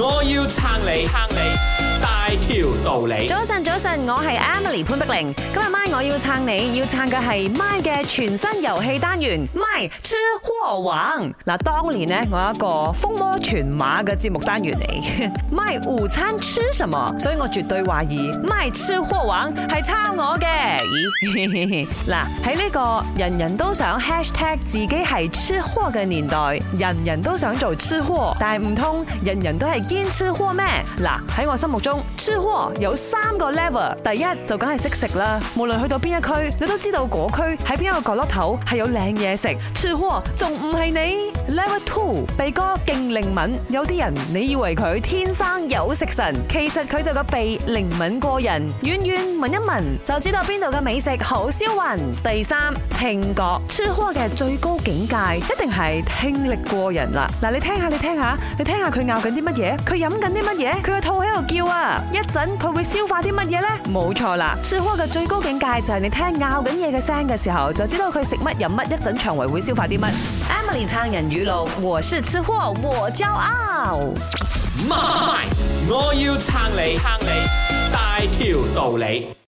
我要撐你，撐你大條道理。早晨，早晨，我係 Emily 潘德玲。今日 my，我要撐你要撐嘅係 my 嘅全新遊戲單元 my 吃貨王。嗱，當年呢，我有一個風魔全馬嘅節目單元嚟。my 午餐吃什麼？所以我絕對懷疑 my 吃貨王係抄我嘅。咦，嗱喺呢個人人都想 hashtag 自己係吃貨嘅年代，人人都想做吃貨，但係唔通人人都係。見食貨咩？嗱喺我心目中，食貨有三個 level。第一就梗係識食啦，無論去到邊一區，你都知道嗰區喺邊一個角落頭係有靚嘢食。食貨仲唔係你？level two 鼻哥勁靈敏，有啲人你以為佢天生有食神，其實佢就個鼻靈敏過人，遠遠聞一聞就知道邊度嘅美食好銷魂。第三聽覺，食貨嘅最高境界一定係聽力過人啦。嗱，你聽下，你聽下，你聽下佢咬緊啲乜嘢？佢飲緊啲乜嘢？佢個肚喺度叫啊一陣！一陣佢會消化啲乜嘢咧？冇錯啦，吃貨嘅最高境界就係你聽咬緊嘢嘅聲嘅時候，就知道佢食乜飲乜，一陣腸胃會消化啲乜。Emily 撐人語錄，我是吃貨，我驕傲。媽，我要撐你，撐你大條道理。